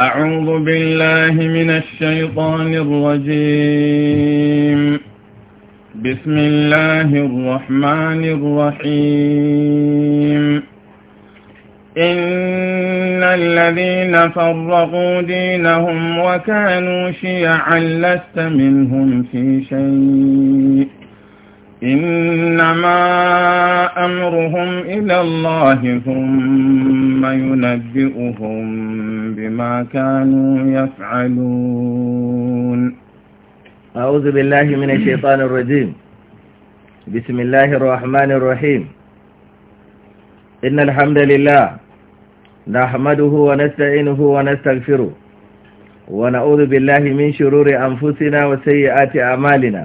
أعوذ بالله من الشيطان الرجيم بسم الله الرحمن الرحيم إن الذين فرقوا دينهم وكانوا شيعا لست منهم في شيء إنما أمرهم إلى الله ثم ينبئهم بما كانوا يفعلون أعوذ بالله من الشيطان الرجيم بسم الله الرحمن الرحيم إن الحمد لله نحمده ونستعينه ونستغفره ونعوذ بالله من شرور أنفسنا وسيئات أعمالنا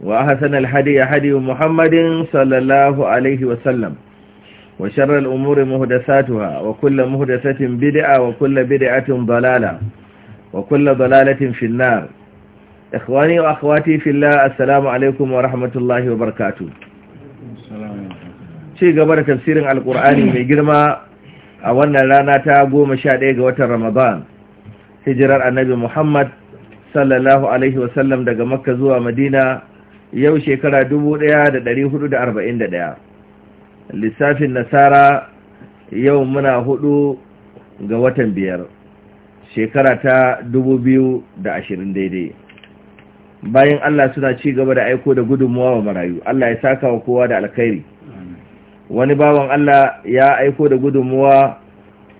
وأحسن الحدي حدي محمد صلى الله عليه وسلم وشر الأمور مهدساتها وكل مهدسة بدعة وكل بدعة ضلالة وكل ضلالة في النار إخواني وأخواتي في الله السلام عليكم ورحمة الله وبركاته شيء قبل تفسير القرآن من جرمى أولنا لنا تابو مشاهدين وتر رمضان هجرة النبي محمد sallallahu alaihi wasallam daga makka zuwa madina yau shekara da ɗaya. lissafin nasara yau muna hudu ga watan biyar shekara ta ashirin daidai bayan Allah suna ci gaba da aiko da gudunmuwa wa marayu Allah ya saka wa kowa da alkhairi wani bawan Allah ya aiko da gudunmuwa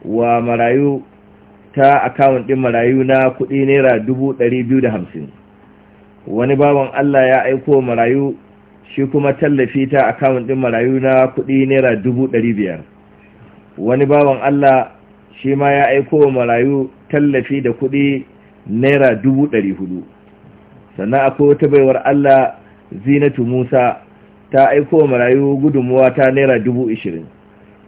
wa marayu ta akawun ɗin marayu na kuɗi naira dubu ɗari biyu da hamsin wani bawan Allah ya aiko marayu shi kuma tallafi ta akawun ɗin marayu na kuɗi naira dubu ɗari biyar wani bawan Allah shi ma ya aiko marayu tallafi da kuɗi naira dubu ɗari hudu sannan akwai wata baiwar Allah zinatu Musa ta aiko marayu gudunmuwa ta naira dubu ishirin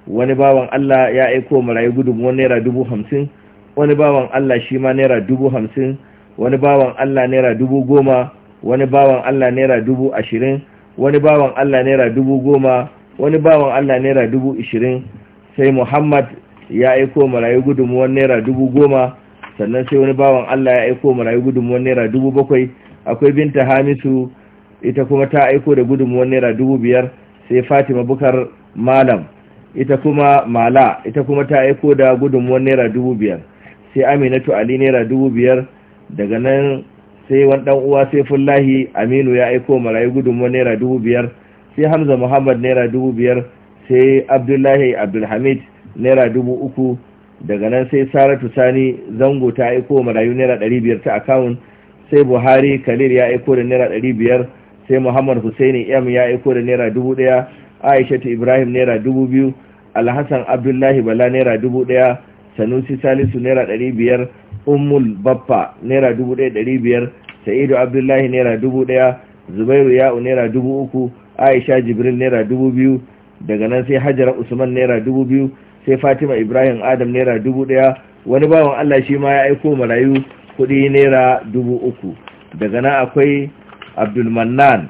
wani bawan Allah ya aiko marayu gudunmuwa naira dubu hamsin wani bawan Allah shi ma naira dubu hamsin wani bawan Allah naira dubu goma wani bawan Allah naira dubu ashirin wani bawan Allah naira dubu goma wani bawan Allah naira dubu ishirin sai Muhammad ya aiko marayu gudunmuwan naira dubu goma sannan sai wani bawan Allah ya aiko marayu gudunmuwan naira dubu bakwai akwai binta hamisu ita kuma ta aiko da gudunmuwan naira dubu biyar sai fatima bukar malam ita kuma mala ita kuma ta aiko da gudunmuwan naira dubu biyar sai aminatu ali naira dubu biyar daga nan sai wani dan uwa sai fullahi aminu ya aiko marayu gudunmu naira dubu biyar sai hamza muhammad naira dubu biyar sai abdullahi abdulhamid naira dubu uku daga nan sai saratu sani zango ta aiko marayu naira ɗari biyar ta akawun sai buhari kalir ya aiko da naira ɗari biyar sai muhammad husaini m ya aiko da naira dubu ɗaya aishatu ibrahim naira dubu biyu alhassan abdullahi bala naira dubu ɗaya sanusi salisu naira ɗari biyar ummul baffa naira dubu ɗaya ɗari biyar sa'idu abdullahi naira dubu ɗaya zubairu ya'u naira dubu uku aisha jibril naira dubu biyu daga nan sai hajara usman naira dubu biyu sai fatima ibrahim adam naira dubu ɗaya wani bawan allah shi ma ya aiko marayu kuɗi naira dubu uku daga nan akwai abdulmannan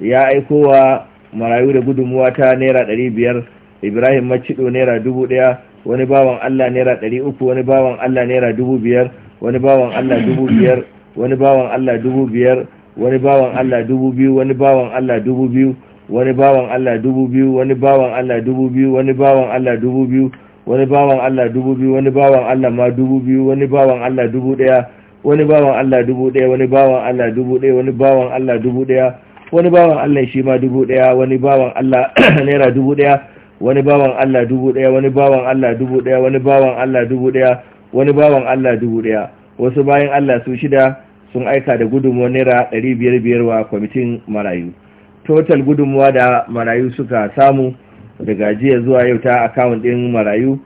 ya aiko wa marayu da gudunmuwa ta naira ɗari biyar ibrahim macido naira dubu ɗaya wani bawan Allah naira ɗari uku wani bawan Allah naira dubu biyar wani bawan Allah dubu biyar wani bawan Allah dubu biyar wani bawan Allah dubu biyu wani bawan Allah dubu biyu wani bawan Allah dubu biyu wani bawan Allah dubu biyu wani bawan Allah dubu biyu wani bawan Allah dubu biyu wani bawan Allah ma dubu biyu wani bawan Allah dubu ɗaya wani bawan Allah dubu ɗaya wani bawan Allah dubu ɗaya wani bawan Allah dubu ɗaya wani bawan Allah shi ma dubu ɗaya wani bawan Allah naira dubu ɗaya wani bawan Allah dubu ɗaya wani bawan Allah dubu ɗaya wani bawan Allah dubu ɗaya wani bawan Allah dubu ɗaya wasu bayan Allah su shida sun aika da gudunmuwa naira ɗari biyar biyar wa kwamitin marayu total gudunmuwa da marayu suka samu daga jiya zuwa yau ta akawun ɗin marayu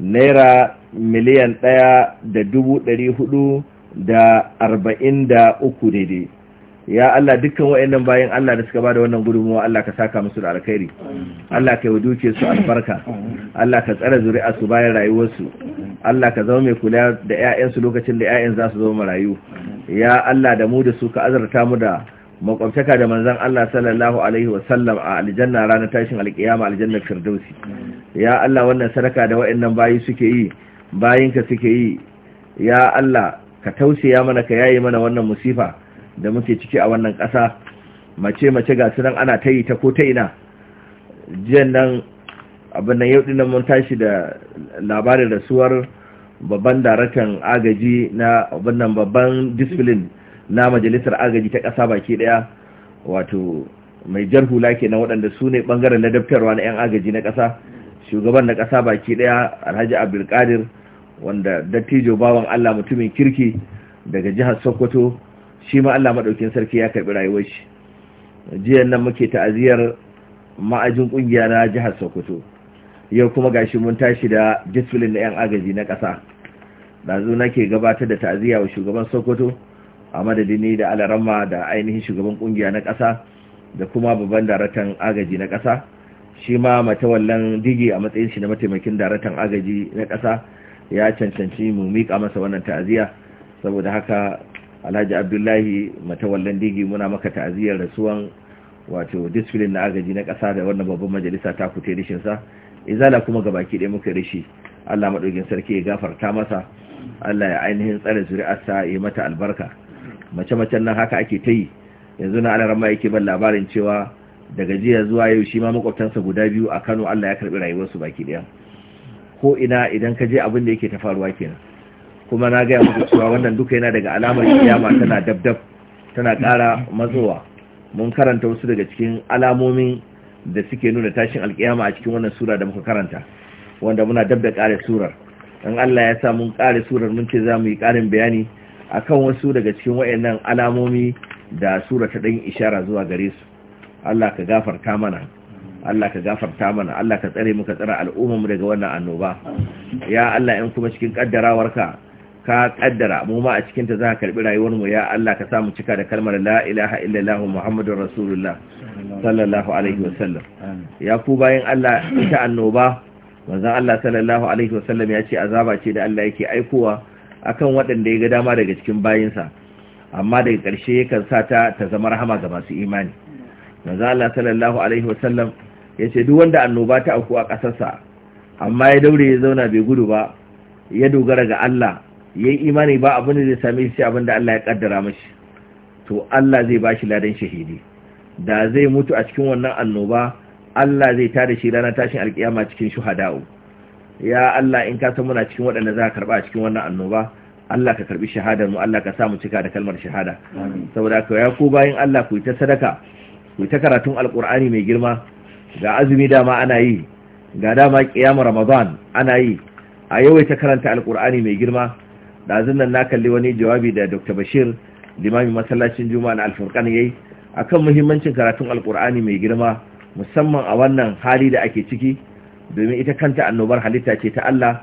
naira miliyan ɗaya da dubu ɗari hudu da arba'in da uku daidai ya Allah dukkan wayannan bayan Allah da suka bada wannan gudunmuwa Allah ka saka musu da alkhairi Allah ka yi su albarka Allah ka tsare zuri'a su bayan rayuwarsu Allah ka zama mai kula da 'ya'yansu lokacin da ƴaƴan za su zama marayu ya Allah da mu da su ka azarta mu da makwabtaka da manzon Allah sallallahu alaihi wa sallam a aljanna ranar tashin alkiyama aljannar firdausi ya Allah wannan sadaka da wayannan bayi suke yi bayinka suke yi ya Allah ka tausaya mana ka yayi mana wannan musifa da muke ciki a wannan ƙasa mace mace ga sunan ana ta yi ta ko ta ina jiyan nan abin nan yau dinnan mun tashi da labarin rasuwar babban daraktan agaji na abin nan babban discipline na majalisar agaji ta ƙasa baki ɗaya wato mai jar hula ke na waɗanda su ne ɓangaren ladabtarwa na 'yan agaji na ƙasa shugaban na ƙasa baki ɗaya alhaji abdulkadir wanda dattijo bawan allah mutumin kirki daga jihar sokoto shi ma Allah maɗaukin sarki ya karɓi rayuwar shi jiyan nan muke ta'aziyar ma'ajin ƙungiya na jihar Sokoto yau kuma gashi mun tashi da disfilin na 'yan agaji na ƙasa ɗazu nake gabatar da ta'aziyya wa shugaban Sokoto a ni da alarama da ainihin shugaban ƙungiya na ƙasa da kuma babban daraktan agaji na ƙasa shi ma matawallan digi a matsayin shi na mataimakin daraktan agaji na ƙasa ya cancanci mu mika masa wannan ta'aziya saboda haka alhaji abdullahi matawallan digi muna maka ta'aziyar rasuwan wato disfilin na agaji na ƙasa da wannan babban majalisa ta kute rishinsa izala kuma ga baki ɗaya muka rishi allah maɗogin sarki ya gafarta masa allah ya ainihin tsare zuri'arsa ya mata albarka mace-macen nan haka ake ta yi yanzu na alaran ma yake ban labarin cewa daga jiya zuwa yau shi ma makwabtansa guda biyu a kano allah ya karɓi rayuwarsu baki ɗaya ko ina idan ka je abin da yake ta faruwa kenan kuma na gaya muku cewa wannan duka yana daga alamar kiyama tana dabdab tana ƙara mazowa mun karanta wasu daga cikin alamomin da suke nuna tashin alkiyama a cikin wannan sura da muka karanta wanda muna dab da ƙare surar in Allah ya sa mun ƙare surar mun ce za mu yi ƙarin bayani akan wasu daga cikin wayannan alamomi da sura ta ɗan ishara zuwa gare su Allah ka gafarta mana Allah ka gafarta mana Allah ka tsare mu tsara al'ummar mu daga wannan annoba ya Allah in kuma cikin kaddarawarka ka kaddara mu ma a cikin ta za ka karbi rayuwar mu ya Allah ka samu cika da kalmar la ilaha illallah muhammadur rasulullah sallallahu alaihi wasallam ya ku bayin Allah ita annoba manzon Allah sallallahu alaihi wasallam ya ce azaba ce da Allah yake aikowa akan waɗanda ya ga dama daga cikin bayinsa amma daga ƙarshe yakan sa ta ta zama rahama ga masu imani manzon Allah sallallahu alaihi wasallam ya ce duk wanda annoba ta auku a ƙasarsa amma ya daure ya zauna bai gudu ba ya dogara ga Allah yayi imani ba abin da zai same shi abin da Allah ya kaddara mashi to Allah zai bashi ladan shahidi da zai mutu a cikin wannan annoba Allah zai tada shi ranar tashin alkiyama cikin shuhada'u ya Allah in ka san muna cikin waɗanda za ka karba a cikin wannan annoba Allah ka karbi shahadar mu Allah ka sa mu cika da kalmar shahada saboda ka ya ku bayin Allah ku yi ta sadaka ku yi ta karatun alkur'ani mai girma ga azumi dama ana yi ga dama kiyama ramadan ana yi a yawaita karanta alkur'ani mai girma da nan na kalli wani jawabi da dr bashir limami masallacin juma'a na alfurkan yayi akan muhimmancin karatun alkur'ani mai girma musamman a wannan hali da ake ciki domin ita kanta annobar halitta ce ta Allah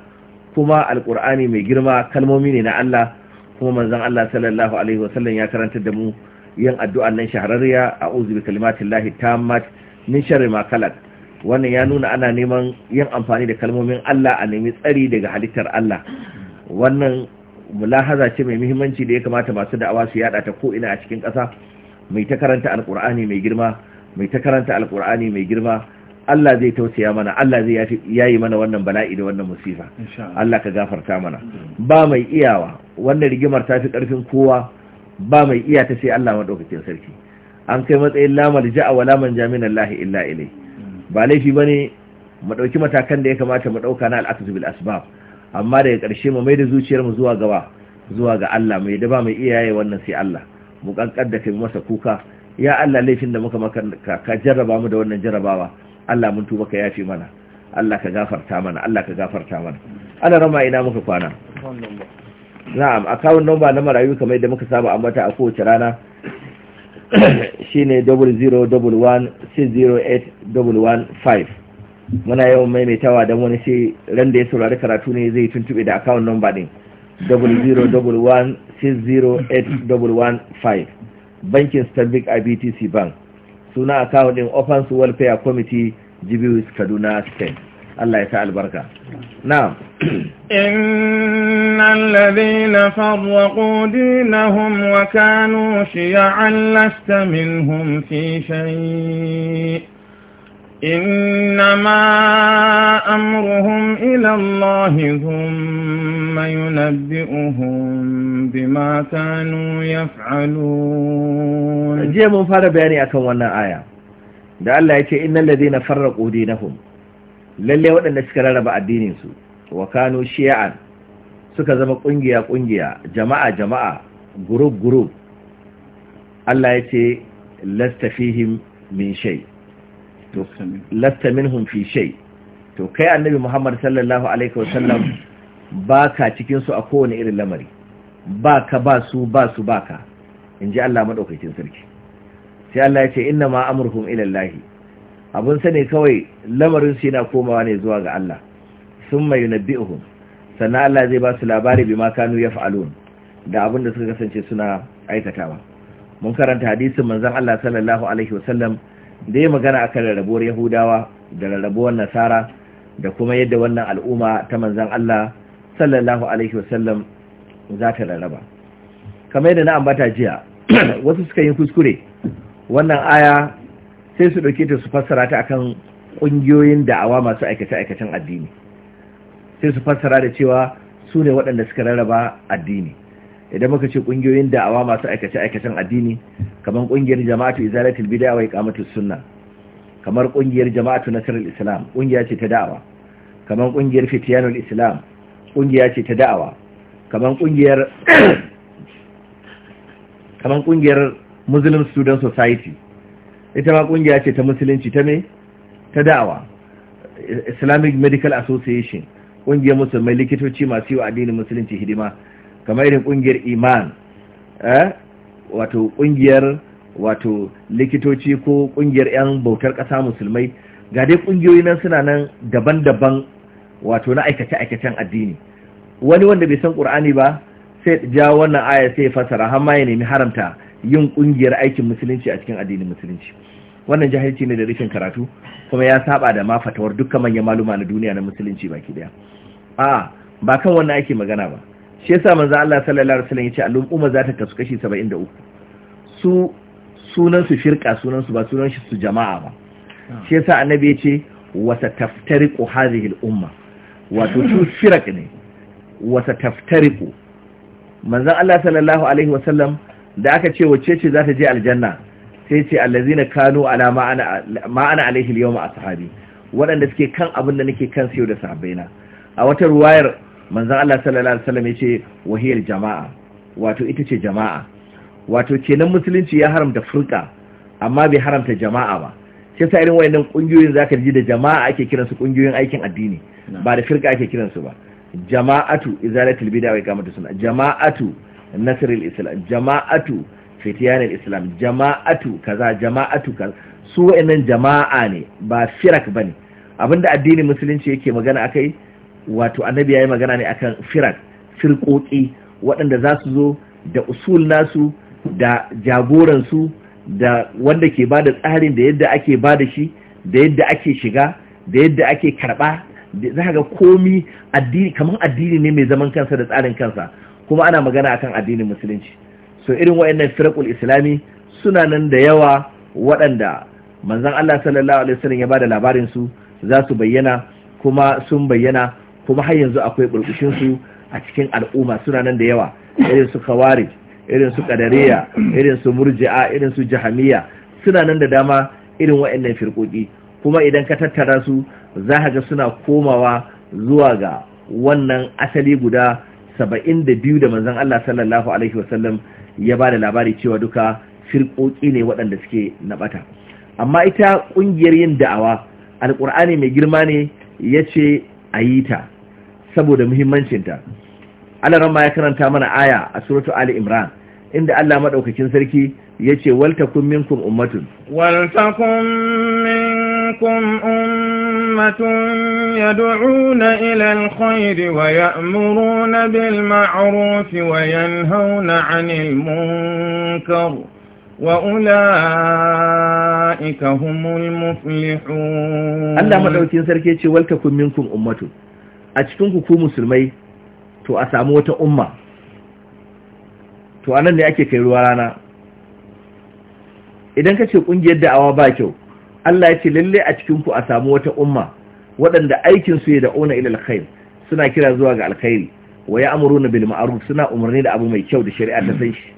kuma alkur'ani mai girma kalmomi ne na Allah kuma manzon Allah sallallahu alaihi wasallam ya karanta da mu yin addu'an nan shahararriya a'udhu bi kalimatillahi tammat min sharri ma khalaq wannan ya nuna ana neman yin amfani da kalmomin Allah a nemi tsari daga halittar Allah wannan mulahaza ce mai muhimmanci da ya kamata masu da'awa su yada ta ko'ina a cikin ƙasa mai ta karanta alƙur'ani mai girma mai ta karanta alƙur'ani mai girma Allah zai tausaya mana Allah zai yayi mana wannan bala'i da wannan musifa Allah ka gafarta mana ba mai iyawa wannan rigimar ta fi ƙarfin kowa ba mai iya ta sai Allah madaukakin sarki an kai matsayin lamar ja'a wa laman jaminan lahi illa ilai ba laifi bane mu dauki matakan da ya kamata mu dauka na al'aqsu bil asbab amma daga ƙarshe mu mai da zuciyar mu zuwa gaba zuwa ga Allah mai da ba mai iyaye wannan sai Allah mu kankar da kai masa kuka ya Allah laifin da muka maka ka jarraba mu da wannan jarrabawa Allah mun tuba ka yafi mana Allah ka gafarta mana Allah ka gafarta mana ana rama ina muka kwana na'am account number na marayu kamar yadda muka saba ambata a kowace rana shine 0011608115 muna yawan maimaitawa don wani shi ran da ya saurari karatu ne zai tuntube da account number din 0016081115 bankin stanbic ibtc bank suna account din offense welfare committee jibius kaduna state Allah ya sa albarka na'am faruwa ƙudi na hun wa kanu ta lasta hun fi shayi. إنما أمرهم إلى الله ثم ينبئهم بما كانوا يفعلون جاء من فارا بياني أكون وانا آية da Allah ya ce innal ladina farraqu dinahum lalle waɗanda suka rarraba addinin su wa kanu suka zama ƙungiya-ƙungiya, jama'a jama'a group group Allah ya ce lasta fihim min shay to lasta minhum fi shay to kai annabi Muhammad sallallahu alaihi wasallam baka cikin su a kowane irin lamari baka ba su ba su baka inji Allah madaukakin sarki sai Allah ya ce inna ma amruhum ila Allah abun sani kawai lamarin su yana komawa ne zuwa ga Allah summa yunabbi'uhum sannan Allah zai ba su labari bima kanu yaf'alun da abin da suka kasance suna aikatawa mun karanta hadisin manzon Allah sallallahu alaihi wasallam da ya magana akan rarrabuwar yahudawa da rarrabuwar nasara da kuma yadda wannan al'umma ta manzan Allah sallallahu alaihi wasallam za ta rarraba kamar yadda na ambata jiya wasu suka yi kuskure wannan aya sai su ɗauke ta su fassara ta akan ƙungiyoyin da'awa masu aikace-aikacen addini sai su fassara da cewa su ne waɗanda suka rarraba addini idan muka ce kungiyoyin da'awa masu aikace-aikacen addini kamar kungiyar jama'atu izalatul bid'a wa iqamatus sunna kamar kungiyar jama'atu nasrul islam kungiya ce ta da'awa kamar kungiyar fitiyanul islam kungiya ce ta da'awa kamar kungiyar kamar kungiyar muslim student society ita ma kungiya ce ta musulunci ta me ta da'awa islamic medical association kungiyar musulmai likitoci masu yi wa addinin musulunci hidima kamar irin kungiyar iman eh, wato kungiyar wato likitoci ko kungiyar 'yan bautar ƙasa musulmai ga dai kungiyoyi nan suna nan daban-daban wato na aikace-aikacen addini wani wanda bai san ƙur'ani ba sai ja wannan aya sai ya fasara har ma ya nemi haramta yin kungiyar aikin musulunci a cikin addinin musulunci wannan jahilci ne da rikin karatu kuma ya saba da ma fatawar dukkan manyan maluma na duniya na musulunci baki daya a ba kan wannan ake magana ba shi yasa manzo Allah sallallahu alaihi wasallam yace al-umma za ta kasu kashi 73 su sunan su firqa sunan su ba sunan shi su jama'a ba shi yasa annabi yace wa sataftariqu hadhihi al'umma wato su firaq ne wa sataftariqu manzo Allah sallallahu alaihi wasallam da aka ce wacce ce za ta je aljanna sai ce allazina kanu ala ma'ana ma'ana alaihi al-yawma ashabi waɗanda suke kan abin da nake kan sayo da sahabbaina a wata ruwayar manzan Allah sallallahu alaihi wasallam ya ce wahiyar jama'a wato ita ce jama'a wato kenan musulunci ya haramta furka amma bai haramta jama'a ba sai sa irin wayannan kungiyoyin zaka ji da jama'a ake kiransu kungiyoyin aikin addini ba da firka ake kiransu ba jama'atu izalatul bid'a wa iqamatus suna. jama'atu nasrul islam jama'atu fitiyanul islam jama'atu kaza jama'atu kaza su wayannan jama'a ne ba firak ba bane abinda addinin musulunci yake magana akai wato annabi ya yi magana ne akan firak firƙoƙi waɗanda za su zo da usul nasu da jagoransu da wanda ke ba da tsarin da yadda ake ba da shi da yadda ake shiga da yadda ake karɓa za ka ga komi addini kamar addini ne mai zaman kansa da tsarin kansa kuma ana magana akan addinin musulunci so irin wayannan firakul islami suna nan da yawa waɗanda manzon Allah sallallahu alaihi wasallam ya bada labarin su za su bayyana kuma sun bayyana kuma har yanzu akwai burbushin su a cikin al'umma suna nan da yawa irin su kawari, irin su kadariya irin su murji'a irin su jahamiya suna nan da dama irin waɗannan firkoki kuma idan ka tattara su za ka ga suna komawa zuwa ga wannan asali guda saba'in da biyu da manzon Allah sallallahu alaihi wasallam ya ba da labari cewa duka firkoki ne waɗanda suke naɓata amma ita ƙungiyar yin da'awa alkur'ani mai girma ne ya ce a yi ta saboda muhimmancinta alaran ma ya karanta mana aya a suratu ali imran inda Allah maɗaukakin sarki yace wal takum minkum ummatun wal takum minkum ummatun yad'una ila alkhairi wa ya'muruna bil ma'ruf wa yanhauna 'anil munkar وأولئك هم المفلحون الله مدعوكين سركي وَلْتَكُنْ مِنْكُمْ ummatun. a cikin ku musulmai to a samu wata umma to anan ne ake kai ruwa rana idan ka ce kungiyar da'awa ba kyau Allah ya ce lalle a cikin ku a samu wata umma waɗanda aikin su ya da'una ila alkhair suna kira zuwa ga alkhairi wa ya'muruna bil ma'ruf suna umarni da abu mai kyau da shari'a ta san shi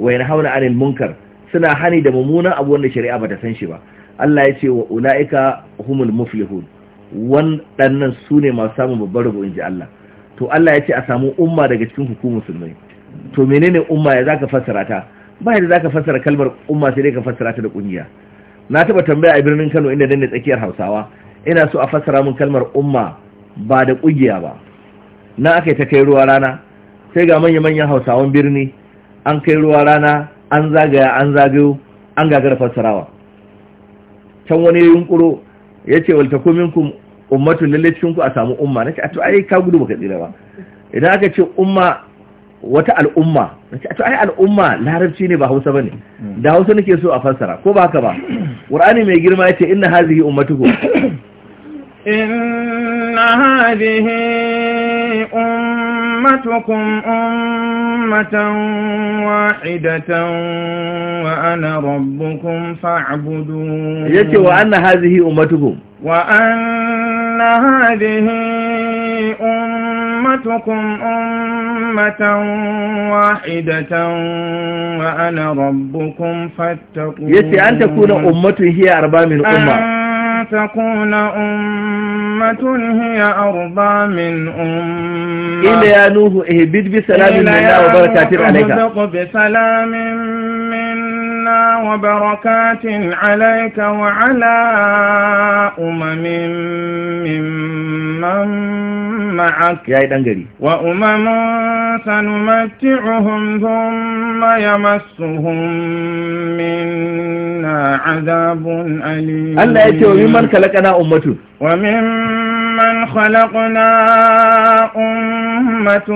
wa yanhauna 'anil munkar suna hani da mumuna abu wanda shari'a ba ta san shi ba Allah ya ce wa ula'ika humul muflihun waɗannan su ne masu samun babbar rabo in ji Allah to Allah ya ce a samu umma daga cikin hukumar musulmai to menene umma ya zaka fasara ta ba yadda zaka fassara kalmar umma sai dai ka fassara ta da kungiya na taba tambaya a birnin Kano inda danne tsakiyar Hausawa ina so a fassara mun kalmar umma ba da kungiya ba na akai ta kai ruwa rana sai ga manya manyan Hausawan birni an kai ruwa rana an zagaya an zagayo an gagara fassarawa can wani yunkuro ya ce wal komin ku ummatu lalle cikin ku a samu umma na ce a to ai ka gudu baka tsira ba idan aka ce umma wata al'umma ce a to ai al'umma larabci ne ba Hausa ne da Hausa nake so a fassara ko ba haka ba Qur'ani mai girma yace inna hazihi ummatukum إن هذه أمتكم أمة واحدة وأنا ربكم فاعبدون يتي وأن هذه أمتكم وأن هذه أمتكم أمة واحدة وأنا ربكم فاتقون يتي أن تكون أمة هي أربع من أمة تكون أمة هي أرضى من أمة إلا يا نوح اهبد بسلام منا وبركات عليك بسلام منا وبركات عليك وعلى أمم من وأمم معك يا إِدَنْجَرِي وأمم سنمتعهم ثم يمسهم منا عذاب أليم الله يتوى ممن خلقنا أمة أُمَّةٌ خلقنا أمة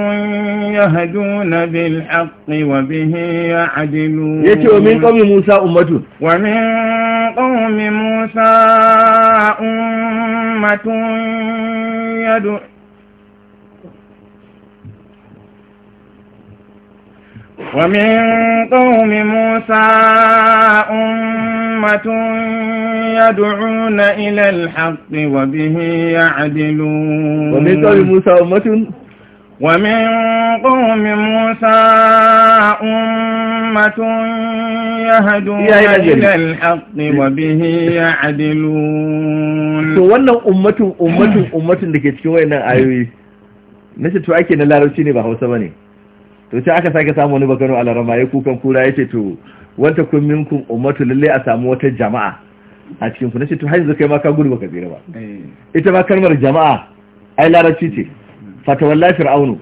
يهدون بالحق وبه يعدلون يتوى من قوم موسى أمة ومن قوم موسى أمة يدعو ومن قوم موسى أمة يدعون إلى الحق وبه يعدلون ومن قوم موسى أمة ومن قوم موسى أمة يهدون إلى الحق وبه يعدلون to wannan ummatun ummatun ummatun da ke cikin wayannan ayoyi na ce to ake na larabci ne ba hausa ba ne to ce aka sake samu wani bakano a larama ya kukan kura ya ce to wanta kun minkun ummatu lalle a samu wata jama'a a cikin ku na ce to hanyar zaka kai ma ka gudu baka tsira ba eh. ita ma kalmar jama'a ai larabci ce hmm. fatawalla fir'aunu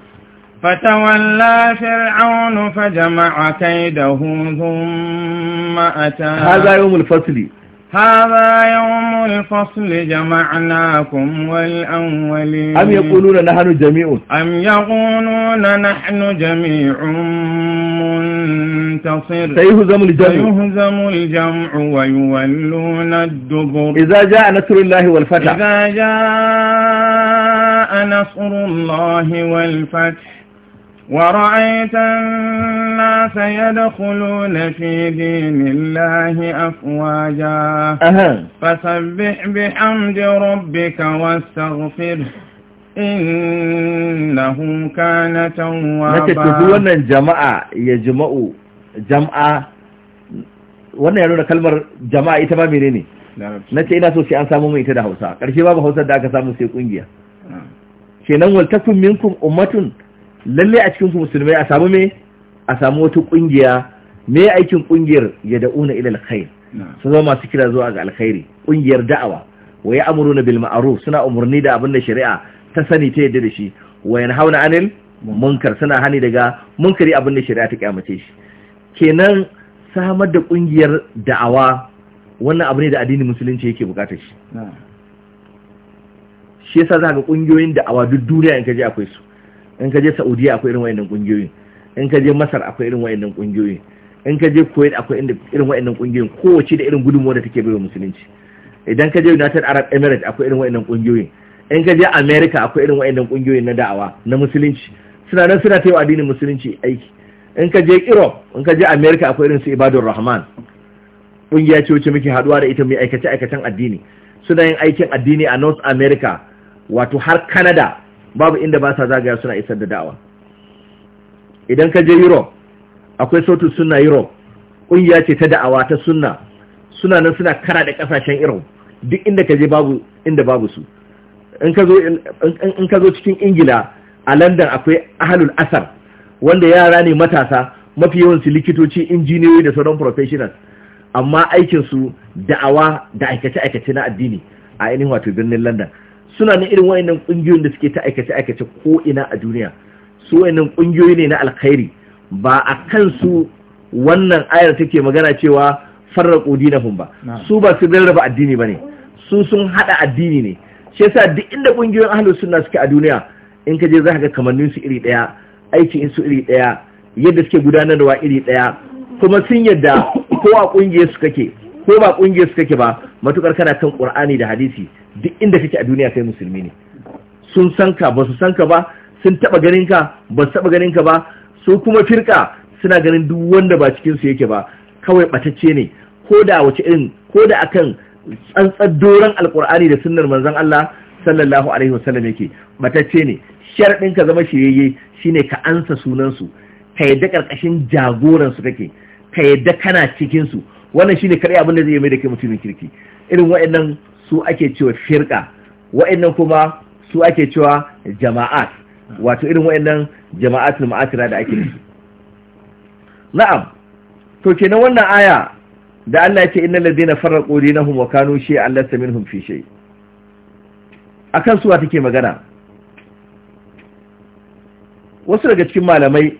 فتولى فرعون فجمع كيده ثم أتى هذا يوم الفصل هذا يوم الفصل جمعناكم والأولين أم يقولون نحن جميع أم يقولون نحن جميع منتصر سيهزم الجمع سيهزم الجمع ويولون الدبر إذا جاء نصر الله والفتح إذا جاء نصر الله والفتح ورأيت الناس يدخلون في دين الله أفواجا فسبح بحمد ربك واستغفره إنه كان توابا نتكتبون الجماعة يجمعوا جماعة wannan ya nuna kalmar jama'a ita ba mene ne na ce ina so sai an samu mai ita da hausa ƙarshe babu hausar da aka samu sai ƙungiya kenan waltakun minkum ummatun lalle a cikin musulmai a samu me a samu wata kungiya me aikin kungiyar ya da'una ila alkhair su zama masu kira zuwa ga alkhairi kungiyar da'awa wa ya amuruna bil ma'ruf suna umurni da abin da shari'a ta sani ta yadda da shi wa yanhauna anil munkar suna hani daga munkari abin da shari'a ta kyamace shi kenan samar da kungiyar da'awa wannan abu ne da addinin musulunci yake bukatar shi shi yasa za ga kungiyoyin da'awa duk duniya in kaje akwai su in ka je saudiya akwai irin wayannan kungiyoyi in ka je masar akwai irin wayannan kungiyoyi in ka je kuwait akwai irin wayannan kungiyoyi kowace da irin gudunmuwa da take baiwa musulunci idan ka je united arab emirates akwai irin wayannan kungiyoyi in ka je america akwai irin wayannan kungiyoyi na da'awa na musulunci suna nan suna taiwa addinin musulunci aiki in ka je europe in ka je america akwai irin su ibadur rahman kungiya ce wacce muke haduwa da ita mai aikace aikacen addini suna yin aikin addini a north america wato har canada babu inda ba sa zagaya suna isar da da'awa idan ka je europe akwai sautu suna europe ƙungiya ce ta da'awa ta sunna suna nan suna kara da ƙasashen irin duk inda ka je babu inda babu su in ka zo cikin ingila a Landan, akwai ahalul asar wanda yara ne matasa mafi yawansu likitoci injiniyoyi da sauran professionals amma aikinsu da'awa da aikace-aikace na addini a ainihin wato birnin london suna na irin wayannan kungiyoyin da suke ta aikace aikace ko ina a duniya su wayannan kungiyoyi ne na alkhairi ba a kan su wannan ayar take magana cewa farraqu dinahum ba su ba su rarraba addini bane su sun haɗa addini ne shi yasa duk inda kungiyoyin ahlus suna suke a duniya in ka je za ka ga kamannin su iri ɗaya, aikin su iri ɗaya, yadda suke gudanarwa iri daya kuma sun yadda ko a kungiyar su kake ko ba kungiyar su kake ba matukar kana kan ƙur'ani da hadisi duk inda kake a duniya sai musulmi ne sun san ka ba su san ka ba sun taba ganin ka ba su taba ganin ka ba su kuma firka suna ganin duk wanda ba cikin su yake ba kawai batacce ne ko da wace irin ko da akan tsantsar doron alkur'ani da sunnar manzon Allah sallallahu alaihi wasallam yake batacce ne sharadin ka zama shiyayye shine ka ansa sunan su ka yadda karkashin jagoran su kake ka yadda kana cikin su wannan shine kare abin da zai mai da kai mutumin kirki irin wa'annan su ake cewa firka wa'annan kuma su ake cewa jama'at wato irin wa'annan jama'atul ma'atira da ake nufi na'am to kenan wannan aya da Allah ya ce innal ladina farraqu dinahum wa kanu shay'a lasa minhum fi shay akan suwa take magana wasu daga cikin malamai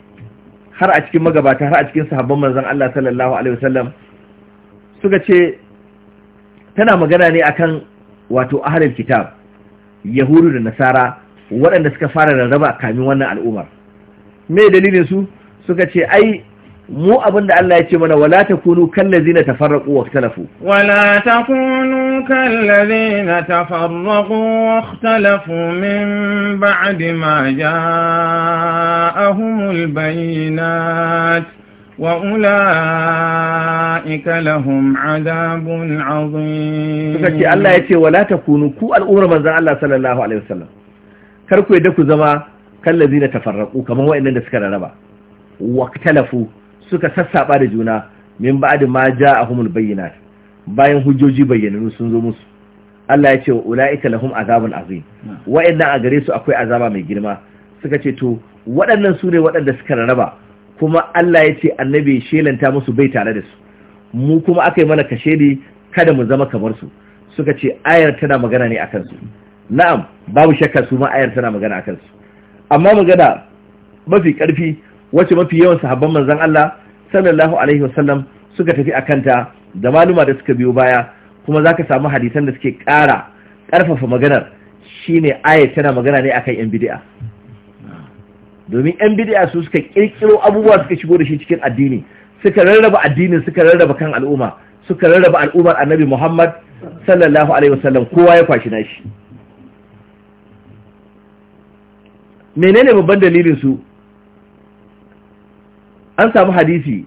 har a cikin magabata har a cikin sahabban manzon Allah sallallahu alaihi wasallam suka ce tana magana ne akan wato ahalin kitab yahudu da nasara waɗanda suka fara rarraba kamin wannan al'ummar me dalilin su suka ce ai mu abin da Allah ya ce mana wala takunu kallazina tafarraqu wa ikhtalafu wala takunu kallazina tafarraqu wa ikhtalafu min ba'di ma ja'ahumul bayyinat wa’ula’ika lahum azabun azim. Suka ce Allah ya ce, wala ta kunu ku al’umar manzan Allah sallallahu Alaihi wasallam, kar ku yadda ku zama kallazi ta tafarraku kamar wa’inan da suka raraba, waktalafu suka sassaɓa da juna min ba’ad ma ja a humul bayyana bayan hujjoji bayyana sun zo musu. Allah ya ce, wa’ula’ika lahum azabun azim. Hmm. a gare su akwai azaba mai girma suka ce, to waɗannan su ne waɗanda suka raraba. kuma Allah ya ce annabi shelanta musu bai tare da su mu kuma aka yi mana kashedi kada mu zama kamar su suka ce ayar tana magana ne akan su na'am babu shakka su ma ayar tana magana akan su amma magana mafi karfi wacce mafi yawan sahabban manzon Allah sallallahu alaihi wasallam suka tafi akan ta da maluma da suka biyo baya kuma zaka samu hadisan da suke ƙara ƙarfafa maganar shine ayar tana magana ne akan yan bid'a domin yan bid'a su suka kirkiro abubuwa suka shigo da shi cikin addini suka rarraba addinin suka rarraba kan al'umma suka rarraba al'ummar annabi Muhammad sallallahu alaihi wasallam kowa ya kwashi nashi menene babban dalilin su an samu hadisi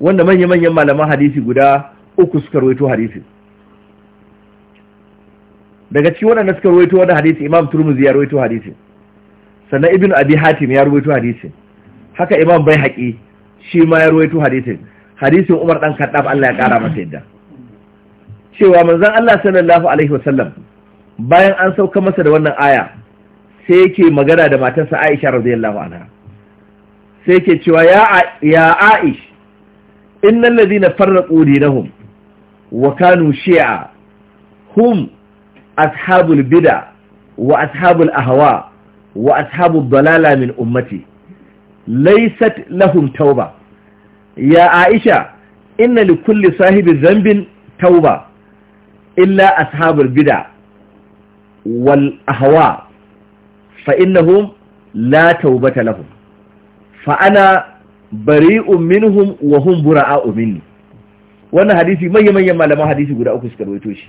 wanda manya-manyan malaman hadisi guda uku suka rawaito hadisi. daga cikin waɗanda suka rawaito wannan hadisi Imam Turmuzi ya rawaito hadisi sannan ibn abi hatim ya ruwaito hadisin haka imam bai haƙi shi ma ya ruwaito hadisin hadisin umar dan kaddaf Allah ya kara masa yadda cewa manzon Allah sallallahu alaihi wasallam bayan an sauka masa da wannan aya sai yake magana da matarsa Aisha radiyallahu anha sai yake cewa ya ya Aish innal ladina farraqu dinahum wa kanu shi'a hum ashabul bid'a wa ashabul ahwa wa ashabu dalala min ummati laysat lahum tauba ya aisha inna li kulli sahibi dhanbin tauba illa ashabul bid'a wal ahwa fa innahum la taubata lahum fa ana bari'un minhum wa hum bura'a'u minni wannan hadisi manyan malaman hadisi guda uku suka rawaito shi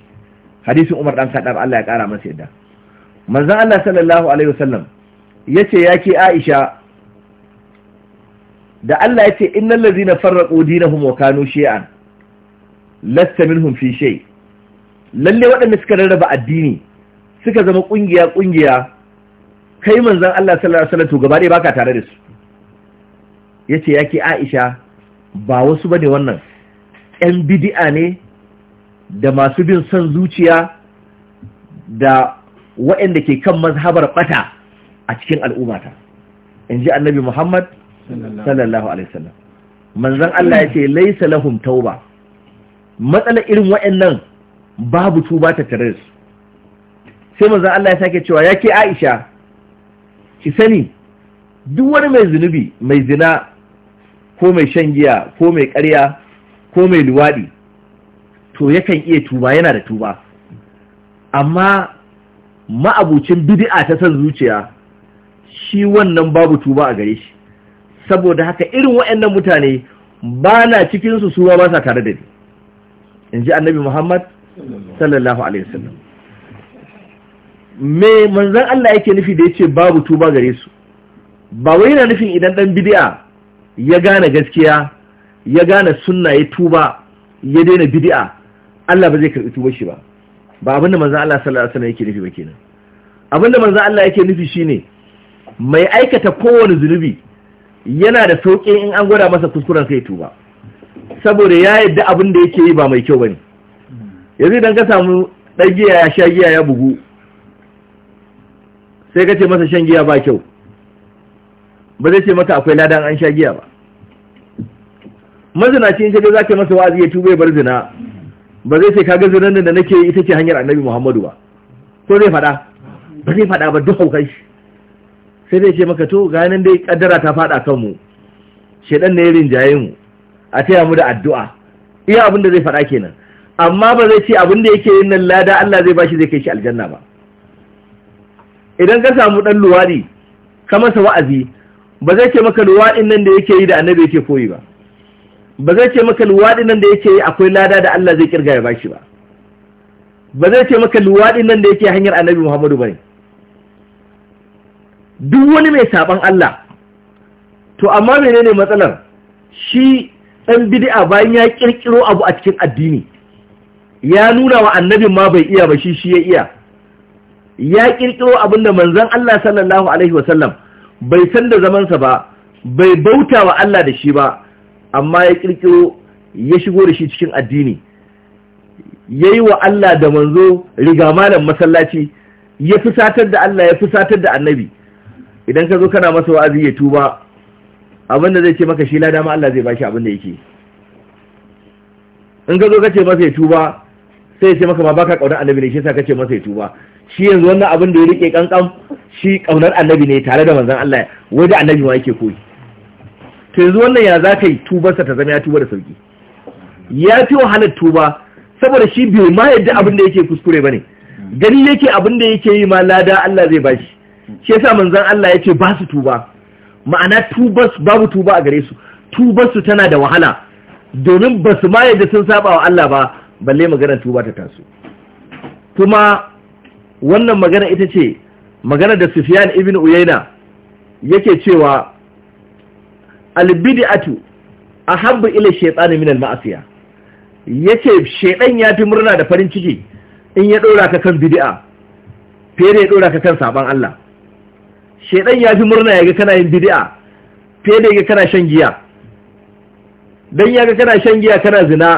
hadisin Umar dan Khattab Allah ya kara masa yadda manzon Allah sallallahu alaihi wasallam ya ce ya ke aisha da Allah ya ce innan lazina farraƙo dinahum wa kanu shi'an lasta minhum fi shai. lalle waɗanda suka rarraba addini suka zama ƙungiya ƙungiya kai zan Allah sallallahu alaihi wasallam gaba ɗaya baka tare da su Ya ya yake Aisha ba wasu ba ne wannan Yan bidi'a ne da masu bin son zuciya da waɗanda ke kan mazhabar ɓata. a cikin al'ummata in ji annabi muhammad sallallahu alaihi wasallam manzon hmm. Allah ya ce laisa lahum tauba matsala irin waɗannan babu tuba ta tare su sai manzon Allah ya sake cewa yake Aisha ki sani duk wani mai zunubi mai zina ko mai shan giya ko mai ƙarya ko mai luwaɗi to yakan iya tuba yana da tuba amma ma'abucin bid'a ta san zuciya shi wannan babu tuba a gare shi saboda haka irin waɗannan mutane ba na cikinsu su ba sa tare da ni Inji annabi muhammad sallallahu alaihi wasallam me manzon Allah yake nufi da yace babu tuba gare su ba wai yana nufin idan dan bid'a ya gane gaskiya ya gane sunna ya tuba ya daina bid'a Allah ba zai karbi tubar shi ba ba abinda manzon Allah sallallahu alaihi wasallam yake nufi ba kenan abinda manzan Allah yake nufi shine mai aikata kowane zunubi yana da sauƙi in an gwada masa kuskuren sai tuba saboda ya yadda abin da yake yi ba mai kyau bane yanzu idan ka samu ɗan giya ya sha giya ya bugu sai ka ce masa shan giya ba kyau ba zai ce maka akwai ladan an sha giya ba mazinacin shi za ka masa wa'azi ya tuba ya bar zina ba zai ce ka ga zinan da nake ita ce hanyar annabi muhammadu ba ko zai faɗa ba zai faɗa ba duk haukan shi sai dai ce maka to ganin dai kaddara ta fada kan mu shedan ne ya rinjaye mu a taya mu da addu'a iya abin da zai faɗa kenan amma ba zai ce abin da yake yin nan lada Allah zai bashi zai kai shi aljanna ba idan ka samu dan luwadi ka masa wa'azi ba zai ce maka luwadin nan da yake yi da annabi yake koyi ba ba zai ce maka luwadin nan da yake yi akwai lada da Allah zai kirga ya bashi ba ba zai ce maka luwadin nan da yake hanyar annabi Muhammadu bane duk wani mai saɓan Allah to amma mene ne matsalar shi ɗan bid'a bayan ya ƙirƙiro abu a cikin addini ya nuna wa annabin ma bai iya ba shi shi ya iya ya ƙirƙiro abin da manzon Allah sallallahu alaihi wasallam bai san da zamansa ba bai bauta wa Allah da shi ba amma ya kirkiro ya shigo da shi cikin addini yayi wa Allah da manzo riga malam masallaci ya fusatar da Allah ya fusatar da annabi idan ka zo kana masa wa'azi ya tuba abin da zai ce maka shi lada ma Allah zai bashi abin da yake in ka zo ka ce masa ya tuba sai ya ce maka ma baka kaunar annabi ne shi yasa ka ce masa ya tuba shi yanzu wannan abin da ya rike kankan shi kaunar annabi ne tare da manzon Allah da annabi ma yake koyi to yanzu wannan ya zaka yi tubarsa ta zama ya tuba da sauki ya fi wahalar tuba saboda shi bai ma yadda abin da yake kuskure ba ne gani yake abin da yake yi ma lada Allah zai bashi shi yasa manzon Allah yace ba su tuba ma'ana tubas babu tuba a gare su tubar su tana da wahala domin ba su ma yadda sun saba wa Allah ba balle maganar tuba ta taso kuma wannan magana ita ce magana da Sufyan ibn Uyayna yake cewa albid'atu ahabbu ila shaytani min al masiyah yace shedan ya fi murna da farin ciki in ya dora ka kan bid'a fere ya dora ka kan saban Allah shaidan ya fi murna ya ga kana yin bid'a fiye da ya ga kana shan giya dan ya ga kana shan giya kana zina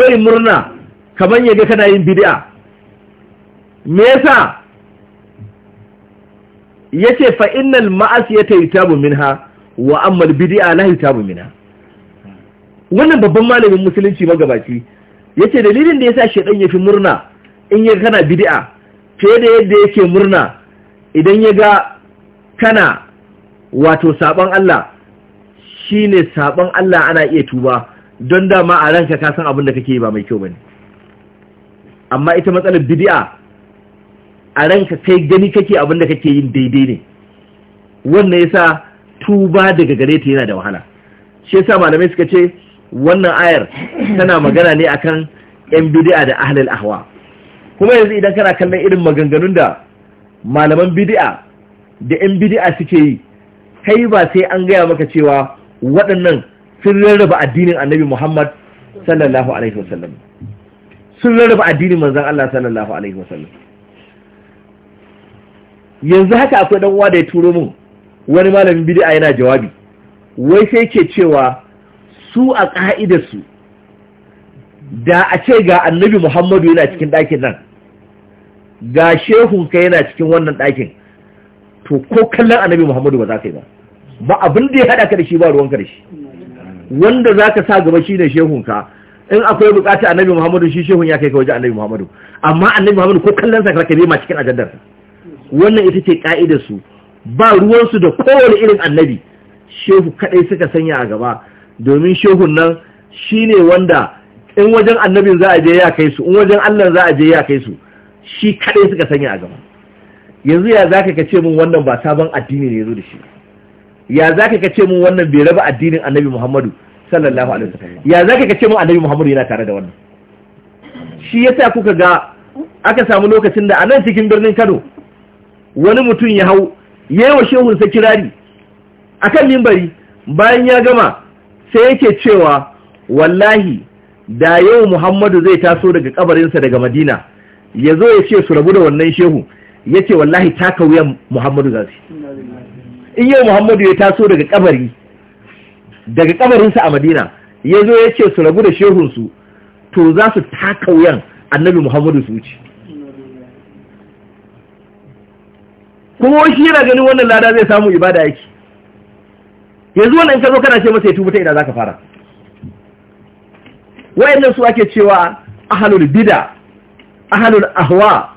bai murna kamar ya ga kana yin bid'a me yasa yace fa innal yata yitabu minha wa amma al-bid'a la yitabu minha wannan babban malamin musulunci magabaci yace dalilin da yasa shaidan ya fi murna in ya kana bid'a fiye da yadda yake murna idan ya ga kana wato saban Allah shi ne saban Allah ana iya tuba don dama a ranka ka san abin da kake ba mai kyau bane amma ita matsalar bid'a a ranka kai gani kake abin da kake yin daidai ne wannan yasa tuba daga gare ta yana da wahala shi yasa malamai suka ce wannan ayar tana magana ne akan yan bid'a da ahlul ahwa kuma yanzu idan kana kallon irin maganganun da malaman bid'a da 'yan bidi'a suke yi kai ba sai an gaya maka cewa waɗannan sun rarraba addinin annabi muhammad sallallahu alaihi wasallam sun rarraba addinin manzan allah sallallahu alaihi wasallam yanzu haka akwai dan uwa da ya turo min wani malamin bidi'a yana jawabi wai sai ke cewa su a ƙa'idarsu da a ce ga annabi muhammadu yana cikin ɗakin nan ga shehunka yana cikin wannan ɗakin to ko kallon annabi muhammadu ba za ka yi ba ba abin da ya haɗa ka da shi ba ruwan ka da shi wanda za ka sa gaba shi ne shehun ka in akwai bukata annabi muhammadu shi shehun ya kai ka waje annabi muhammadu amma annabi muhammadu ko kallon sa ka bai ma cikin ajandar wannan ita ce ka'idar su ba ruwansu da kowane irin annabi shehu kadai suka sanya a gaba domin shehun nan shine wanda in wajen annabin za a je ya kai su in wajen allah za a je ya kai su shi kadai suka sanya a gaba yanzu ya zaka ka ce min wannan ba sabon addini ne zo da shi ya zaka ka ce min wannan bai raba addinin annabi Muhammadu sallallahu alaihi wasallam ya zaka ka ce min annabi Muhammadu yana tare da wannan shi yasa kuka ga aka samu lokacin da a nan cikin birnin Kano wani mutum ya hau yayin wa shehunsa kirari akan mimbari bayan ya gama sai yake cewa wallahi da yau Muhammadu zai taso daga kabarinsa daga Madina ya zo ya ce su rabu da wannan shehu ya ce wallahi taka wuyan muhammadu za su in yau muhammadu ya taso daga kabari daga kabarinsa a madina ya zo ya ce su ragu da shehunsu to za su taka wuyan annabi muhammadu su wuce kuma wani yana ganin wannan lada zai samu ibada yake yanzu wannan ka zo kana ce masa ya tubuta ina zaka fara wayannan su ake cewa ahlul bid'a ahlul ahwa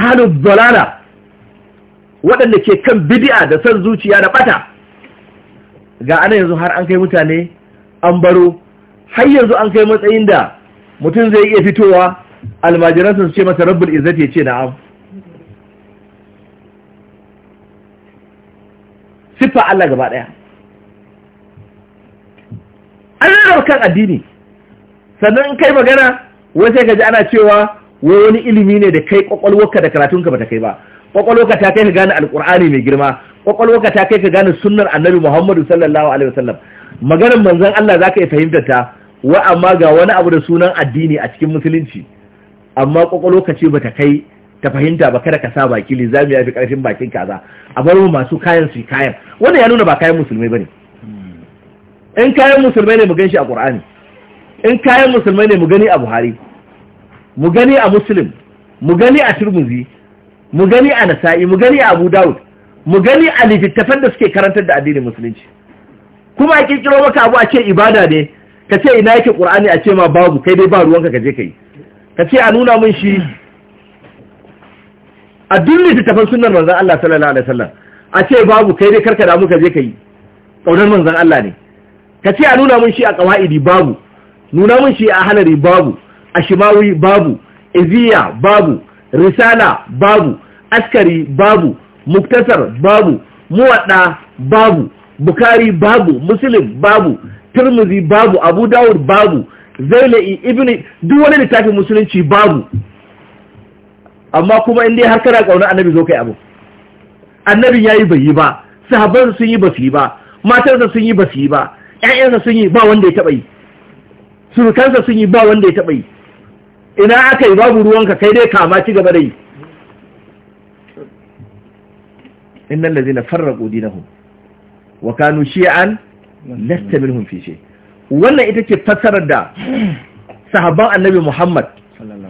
ahlul dalala waɗanda ke kan bidi'a da son zuciya da ɓata, ga ana yanzu har an kai mutane an baro har yanzu an kai matsayin da mutum zai iya fitowa almajiransa su ce masa rabbul izzati ya ce na'am siffa Allah gaba ɗaya an rarrabar kan addini sannan in kai magana wai sai ka ji ana cewa wai wani ilimi ne da kai kwakwalwarka da karatunka ba ta kai ba kwakwalwarka ta kai ka gane alkur'ani mai girma kwakwalwarka ta kai ka gane sunnar annabi muhammadu sallallahu alaihi wasallam maganar manzon Allah ka iya fahimtar ta wa amma ga wani abu da sunan addini a cikin musulunci amma kwakwalwarka ce ba ta kai ta fahimta ba kada ka sa baki lizami ya fi karfin bakin kaza a bar masu kayan su kayan wannan ya nuna ba kayan musulmai bane in kayan musulmai ne mu gan shi a qur'ani in kayan musulmai ne mu gani a buhari mu gani a muslim mu gani a turmuzi mu gani a nasa'i mu gani a abu dawud mu gani a littattafan da suke karantar da addinin musulunci kuma a kirkiro maka abu a ce ibada ne ka ce ina yake qur'ani a ce ma babu kai dai ba ruwanka ka je kai ka ce a nuna min shi a duk littattafan sunnar manzon Allah sallallahu alaihi wasallam a ce babu kai dai karka damu ka je kai kaunar manzon Allah ne ka ce a nuna min shi a qawaidi babu nuna min shi a halari babu ashimawi babu iziya babu risala babu askari babu muktasar babu muwadda babu bukari babu muslim babu tirmizi babu abu dawud babu zaila'i ibn duk wani littafin musulunci babu amma kuma in dai har kana kauna annabi zo kai abu ya yayi bai yi ba sahabban sun yi basu yi ba matarsa sun yi basu yi ba ƴaƴansa sun yi ba wanda ya taba yi surukansa sun yi ba wanda ya taba yi ina aka yi babu ruwanka kai dai kama ci gaba da yi innal ƙudi na hun wa kanu an lasta min hun wannan ita ce fassarar da sahabban annabi Muhammad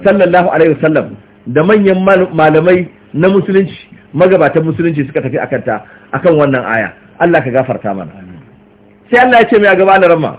sallallahu alaihi wasallam da manyan malamai na musulunci magabatan musulunci suka tafi kanta, a akan wannan aya Allah ka gafarta mana sai Allah ya ce mai gaba da ramma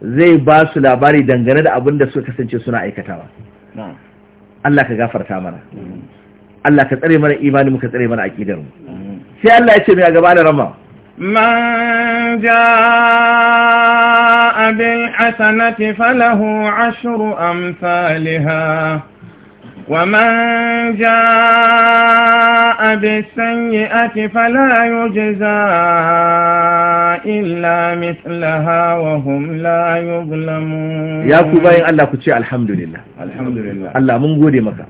zai ba su labari dangane da abin da suka kasance suna aikatawa Allah ka gafarta mana Allah ka tsare mana imani muka tsare mana aƙidar mu sai Allah ya ce mai gaba da rama Manja abin asanati hasanati falahu ashru amsalha ومن جاء بالسيئة فلا يجزى إلا مثلها وهم لا يظلمون يا كوباين الله كتشي الحمد لله الحمد لله الله من قولي مكا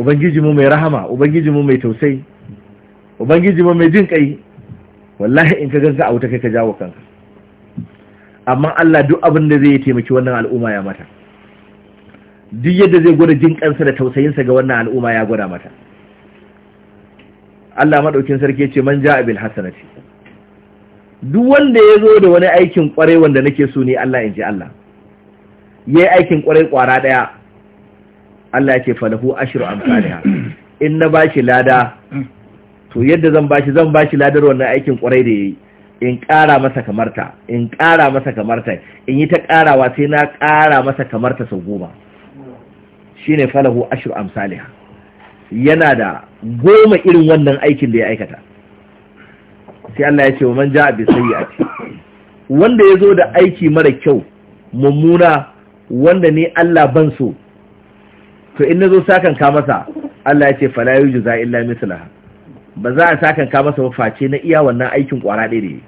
Ubangiji mu mai rahama, Ubangiji mu mai tausayi, Ubangiji mu mai jin ƙai, wallahi in ka ganka a wuta kai ka jawo kanka. Amma Allah duk abin da zai taimaki wannan al'umma ya mata. duk yadda zai gwada jin kansa da tausayinsa ga wannan al'umma ya gwada mata Allah maɗaukin sarki ce man ja'a bil hasanati duk wanda ya zo da wani aikin kwarai wanda nake so ne Allah in ji Allah yayi aikin kwarai kwara daya Allah ce falahu ashru amsalha in na bashi lada to yadda zan bashi zan bashi ladar wannan aikin kwarai da yayi in ƙara masa kamarta in ƙara masa kamarta in yi ta ƙarawa sai na ƙara masa kamarta sau goma shine falahu ashru amsalha yana da goma irin wannan aikin da ya aikata sai Allah ya ce wa man ja'a bi sayyi'ati wanda yazo da aiki mara kyau mummuna wanda ne Allah ban so to in nazo sakan ka masa Allah ya ce fala yujza illa mithlaha ba za a sakan ka masa ba face na iya wannan aikin kwara ɗaya ne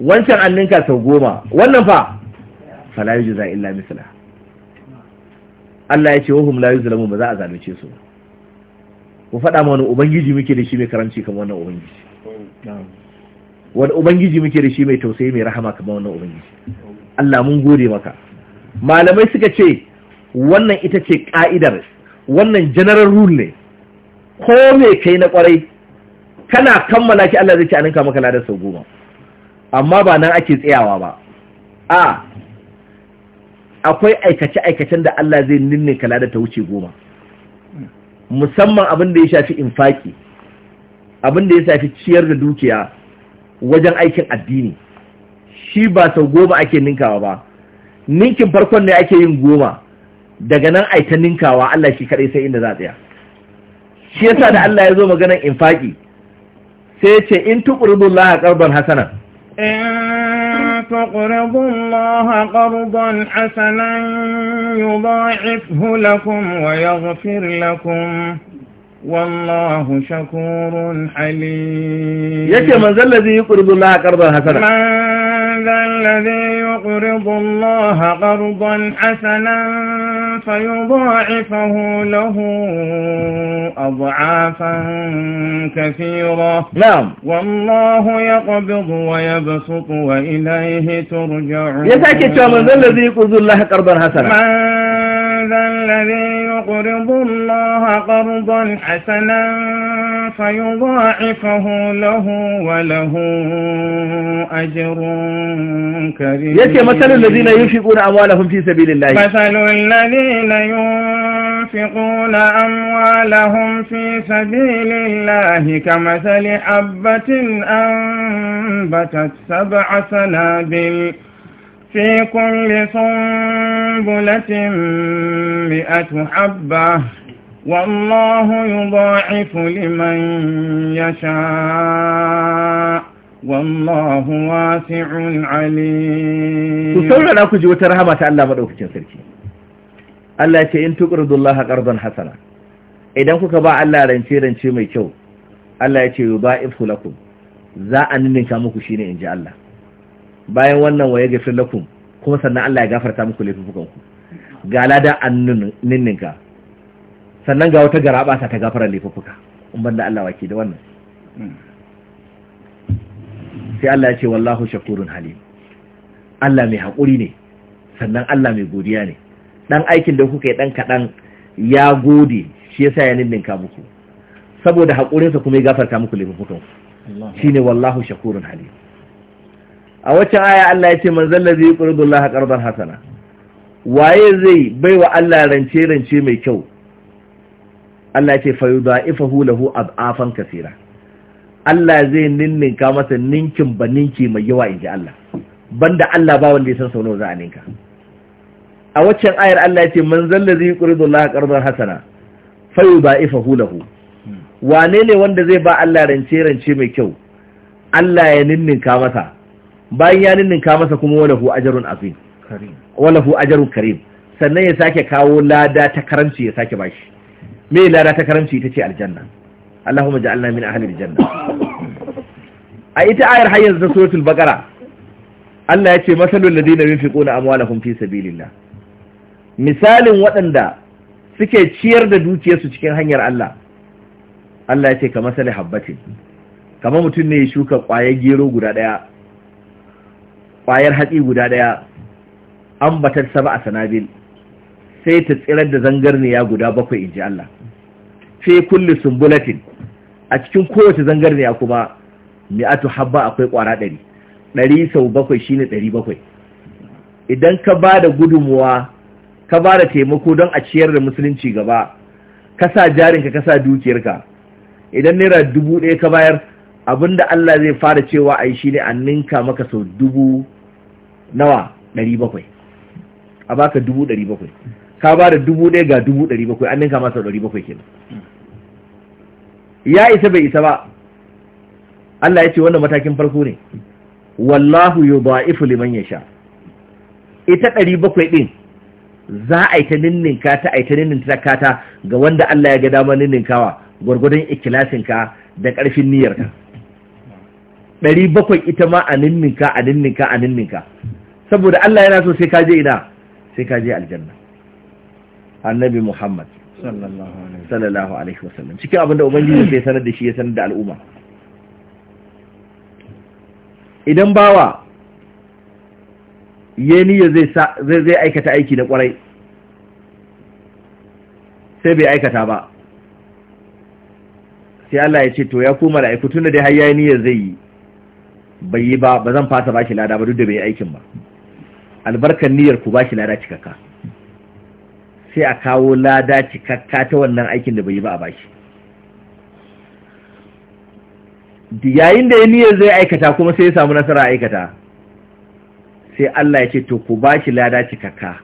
wancan anninka sau goma wannan fa fala yujza illa mithlaha Allah ya ce wahum la yuzlamu ba za a zalunce su ku faɗa ma wani ubangiji muke da shi mai karamci kamar wannan ubangiji wani ubangiji muke da shi mai tausayi mai rahama kamar wannan ubangiji Allah mun gode maka malamai suka ce wannan ita ce ka'idar wannan general rule ne ko me kai na kwarai kana kammala ki Allah zai ci aninka maka ladar sau goma amma ba nan ake tsayawa ba a akwai aikace-aikacen da Allah zai ninne kala da ta wuce goma musamman abin da ya shafi infaki abin da ya shafi ciyar da dukiya wajen aikin addini shi ba sau goma ake ninkawa ba ninkin farkon ne ake yin goma daga nan ai ninkawa Allah shi kadai sai inda za tsaya shi yasa da Allah ya zo maganar infaki sai ya ce in tuqridu Allah qarban hasanan تقرضوا الله قرضا حسنا يضاعفه لكم ويغفر لكم والله شكور حليم يكي من ذا الذي يقرض الله قرضا حسنا من ذا الذي يقرض الله قرضا حسنا فيضاعفه له أضعافا كثيرة نعم والله يقبض ويبسط وإليه ترجعون يساكي من ذا الذي يقرض الله قرضا حسنا ذا الذي يقرض الله قرضا حسنا فيضاعفه له وله أجر كريم يكي مثل الذين ينفقون أموالهم في سبيل الله مثل الذين ينفقون أموالهم في سبيل الله كمثل حبة أنبتت سبع سنابل في كل سنبلة مئة حبة والله يضاعف لمن يشاء والله واسع عليم kusaura da ku ji wata rahama ta Allah madaukakin sarki Allah ce in tuqridullaha qardan hasana idan kuka ba Allah rance rance mai kyau Allah ya ce yudaifu lakum za a ninninka muku shine inji Allah bayan wannan waye ga lakum kuma sannan Allah ya gafarta muku laifukan ku ga ladan anninninka sannan ga wata garaba ta gafara laifuka in banda Allah wake da wannan sai Allah ya ce wallahu shakurun halim Allah mai haƙuri ne sannan Allah mai godiya ne dan aikin da kuka yi dan kaɗan ya gode shi yasa ya ninninka muku saboda haƙurinsa kuma ya gafarta muku laifukan ku shine wallahu shakurun halim a waccan aya Allah ya ce man zallazi yuqridu Allah qardan hasana waye zai baiwa Allah rance rance mai kyau Allah ya ce fayudaifahu lahu ad'afan kaseera Allah zai ninninka masa ninkin ba ninki mai yawa inji Allah banda Allah ba wanda ya san sau nawa za a ninka a waccan ayar Allah ya ce man zallazi yuqridu Allah qardan hasana fayudaifahu lahu wane ne wanda zai ba Allah rance rance mai kyau Allah ya ninninka masa bayan ya ninninka masa kuma walahu Ajarun azim walahu ajarun karim sannan ya sake kawo lada ta karanci ya sake bashi me lada ta karanci ita ce aljanna Allahumma ja'alna min ahli aljanna a ita ayar har yanzu ta suratul baqara Allah yace masalul ladina yunfiquna amwalahum fi sabilillah misalin waɗanda suke ciyar da dukiyarsu cikin hanyar Allah Allah yace ce ka masali habbatin kamar mutum ne ya shuka ƙwayar gero guda ɗaya ƙwayar hatsi guda ɗaya ambatar saba a sanabil sai ta tsirar da zangarniya guda bakwai in ji Allah fi kulli sumbulatin a cikin kowace zangarniya kuma mi'atu habba akwai ƙwara ɗari ɗari sau bakwai shine ɗari bakwai idan ka ba da gudunmuwa ka ba da taimako don a ciyar da musulunci gaba ka sa jarinka ka sa dukiyarka idan naira dubu ɗaya ka bayar abinda Allah zai fara cewa shi ne an ninka maka sau dubu nawa ɗari bakwai a baka dubu ɗari bakwai ka ba da dubu ɗaya ga dubu ɗari bakwai an ninka masa ɗari bakwai kenan ya isa bai isa ba Allah ya ce wannan matakin farko ne wallahu ifu liman sha. ita ɗari bakwai ɗin za a yi ta ninninka ta a yi ta ninninka ga wanda Allah ya ga damar ninninkawa gwargwadon ikilasinka da ƙarfin niyyarka ɗari bakwai ita ma a ninninka a ninninka a ninninka saboda Allah yana so sai ka je ina sai ka je aljanna annabi Muhammad sallallahu alaihi wasallam cikin abin da ubangiji bai sanar da shi ya sanar da al'umma idan bawa ya niyya zai zai aikata aiki na kwarai sai bai aikata ba sai Allah ya ce to ya koma da aikutun da dai har ya niyya zai yi bai yi ba ba zan fasa shi lada ba duk da bai aikin ba albarkan niyyar ku ba shi lada cikakka sai a kawo lada cikakka ta wannan aikin da bai yi ba a ba shi. yayin da ya niyyar zai aikata kuma sai ya samu nasara aikata sai Allah ya ce to ku ba shi lada cikakka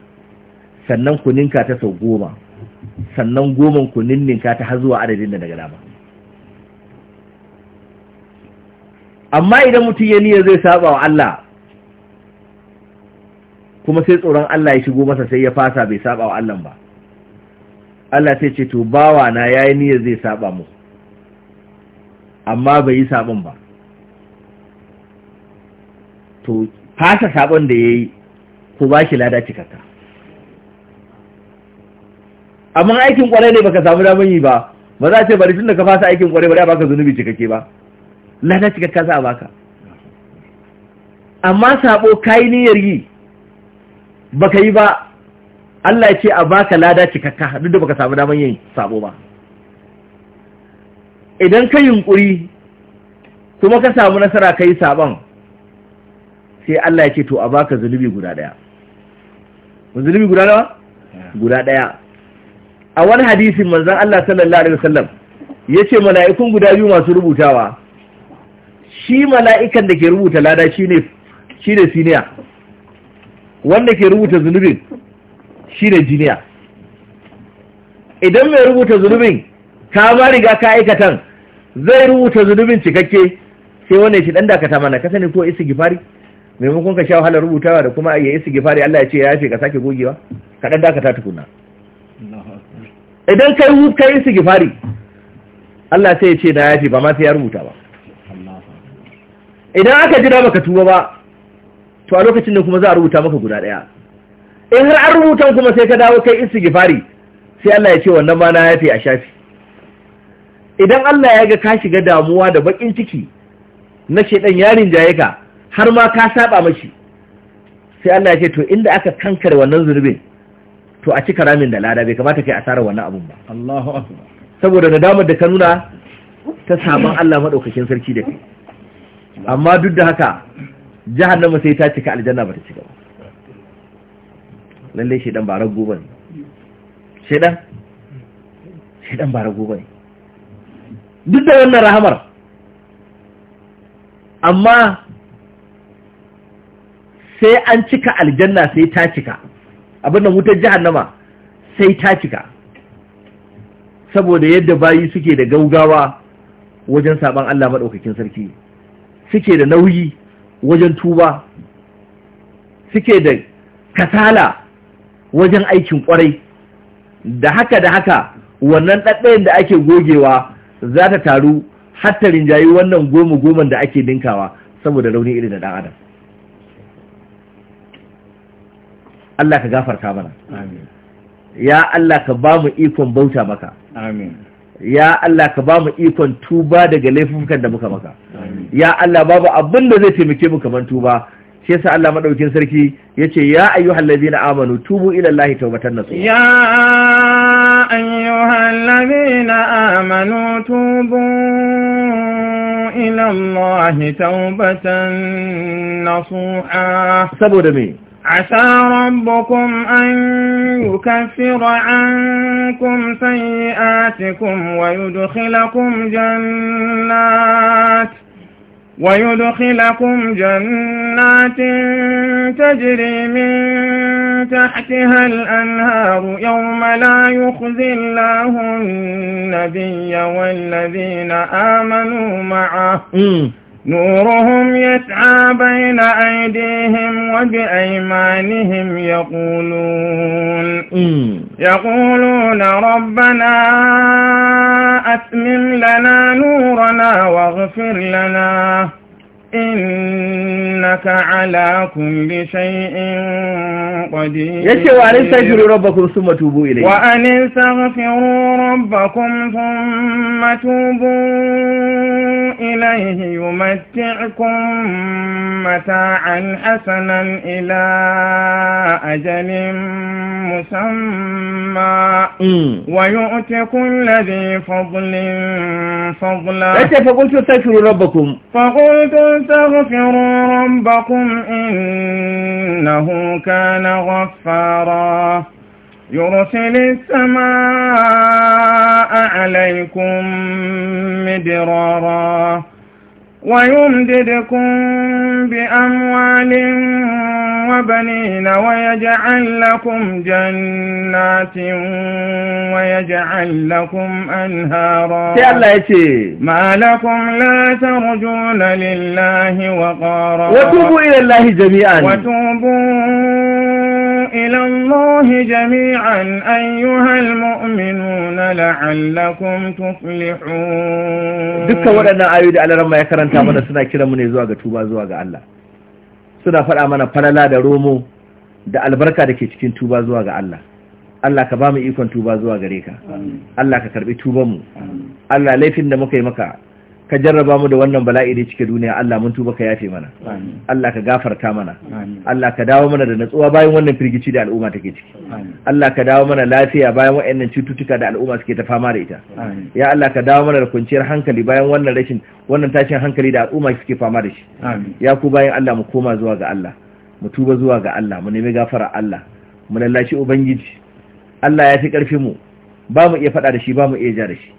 sannan ku ninka ta sau goma sannan goman ku ninka ta har zuwa adadin da daga dama amma idan mutum ya niyya zai saba wa Allah kuma sai tsoron Allah ya shigo masa sai ya fasa bai saba wa Allah ba Allah sai ce to bawa na yayi niyya zai saba mu amma bai yi sabon ba to fasa sabon da yayi ko ba shi lada cikakka amma aikin kwarai ne baka samu damar yi ba ba za a ce bari tun da ka fasa aikin kwarai bari a baka zunubi cikakke ba lada shiga za a baka amma sabo kayi niyyar yi baka yi ba Allah ya ce a baka lada cikakka duk da baka samu daman yin sabo ba idan ka yunkuri kuma ka samu nasara ka yi saban sai Allah ya ce to a baka zunubi guda daya zunubi guda nawa guda daya a wani hadisin manzon Allah sallallahu alaihi wasallam yace mala'ikun guda biyu masu rubutawa shi mala'ikan da ke rubuta lada shi ne siniya wanda ke rubuta zunubin shi ne jiniya idan mai rubuta zunubin ka ma riga ka aikatan zai rubuta zunubin cikakke sai wanda ya ce dan dakata mana ka sani ko isi gifari maimakon ka sha wahalar rubutawa da kuma ya isi gifari Allah ya ce ya yafe ka sake gogewa ka dan dakata tukuna idan kai yi isi gifari Allah sai ya ce na yafe ba ma sai ya rubuta ba idan aka jira baka tuba ba to a lokacin nan kuma za a rubuta maka guda daya in har an rubuta kuma sai ka dawo kai istighfari sai Allah ya ce wannan ma na yafe a shafi idan Allah ya ga ka shiga damuwa da bakin ciki na shedan yarin jaye ka har ma ka saba mashi sai Allah ya ce to inda aka kankare wannan zurbin to a cika ramin da lada bai kamata kai asarar wannan abun ba Allahu akbar saboda nadamar da ka nuna ta saban Allah madaukakin sarki da kai amma duk da haka jahannama sai ta cika aljanna ba ta cika ba lalle shedan ba rago bane shedan shedan ba rago ne. duk da wannan rahamar amma sai an cika aljanna sai ta cika abin da wutar jahannama sai ta cika saboda yadda bayi suke da gaugawa wajen saban Allah maɗaukakin sarki suke da nauyi wajen tuba suke da kasala wajen aikin kwarai da haka da haka wannan ɗaɗɗayin da ake gogewa za ta taru hatta rinjayi wannan goma goman da ake ninkawa, saboda rauni irin da ɗan adam Allah ka gafarta mana ya Allah ka ba mu ikon bauta maka amin ya Allah ka ba mu ikon tuba daga laifukan da muka maka ya Allah babu abin da zai taimake mu kamar tuba shi yasa Allah madaukin sarki yace ya ayyuhal ladina amanu tubu ila Allah tawbatan nasuha ya ayyuhal ladina amanu tubu ila Allah tawbatan nasuha saboda me عسى ربكم أن يكفر عنكم سيئاتكم ويدخلكم جنات ويدخلكم جنات تجري من تحتها الأنهار يوم لا يخزي الله النبي والذين آمنوا معه نورهم يسعى بين أيديهم وبأيمانهم يقولون يقولون ربنا أتمم لنا نورنا واغفر لنا innaka ala kulli shay'in qadir yace wa an tajiru rabbakum thumma tubu ilayhi wa an taghfiru rabbakum thumma tubu ilayhi yumatti'kum mata'an hasanan ila ajalin musamma wa yu'ti kulli dhi fadlin fadla yace fa qultu tajiru rabbakum fa qultu تغفروا ربكم إنه كان غفارا يرسل السماء عليكم مدرارا ويمددكم بأموال وبنين ويجعل لكم جنات ويجعل لكم أنهارا ما لكم لا ترجون لله وقارا وتوبوا إلى الله جميعا وتوبوا إلى الله جميعا أيها المؤمنون لعلكم تفلحون دكا ودنا أيود على رمى يكرن تامنا سنة كده من يزواغ توبا زواغ الله suna faɗa mana falala da romo da albarka da ke cikin tuba zuwa ga Allah Allah ka ba mu ikon tuba zuwa gare ka Allah ka karbi tubanmu Allah laifin da muka yi maka ka jarraba mu da wannan bala'i da cike duniya Allah mun tuba ka yafe mana Allah ka gafarta mana Allah ka dawo mana da natsuwa bayan wannan firgici da al'umma take ciki Allah ka dawo mana lafiya bayan wayannan cututtuka da al'umma suke ta fama da ita ya Allah ka dawo mana da kwanciyar hankali bayan wannan rashin wannan tashin hankali da al'umma suke fama da shi ya ku bayan Allah mu koma zuwa ga Allah mu tuba zuwa ga Allah mu nemi gafara Allah mu lallashi ubangiji Allah ya fi karfin mu ba mu iya faɗa da shi ba mu iya ja da shi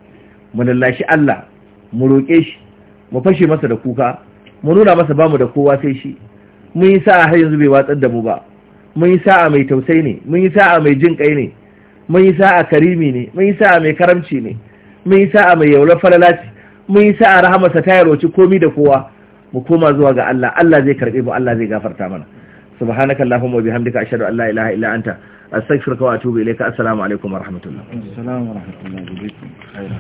mu lallashi Allah mu roƙe shi mu fashe masa da kuka mu nuna masa bamu da kowa sai shi mun yi sa'a har yanzu bai watsar da mu ba mun yi sa'a mai tausayi ne mun yi sa'a mai jin kai ne mun yi sa'a karimi ne mun yi sa'a mai karamci ne mun yi sa'a mai yaular falalaci mun yi sa'a rahamarsa ta yaroci komi da kowa mu koma zuwa ga Allah Allah zai karbe mu Allah zai gafarta mana subhanaka allahumma wa bihamdika ashhadu an la ilaha illa anta astaghfiruka wa atubu ilayka assalamu alaikum wa rahmatullah assalamu wa rahmatullahi wa barakatuh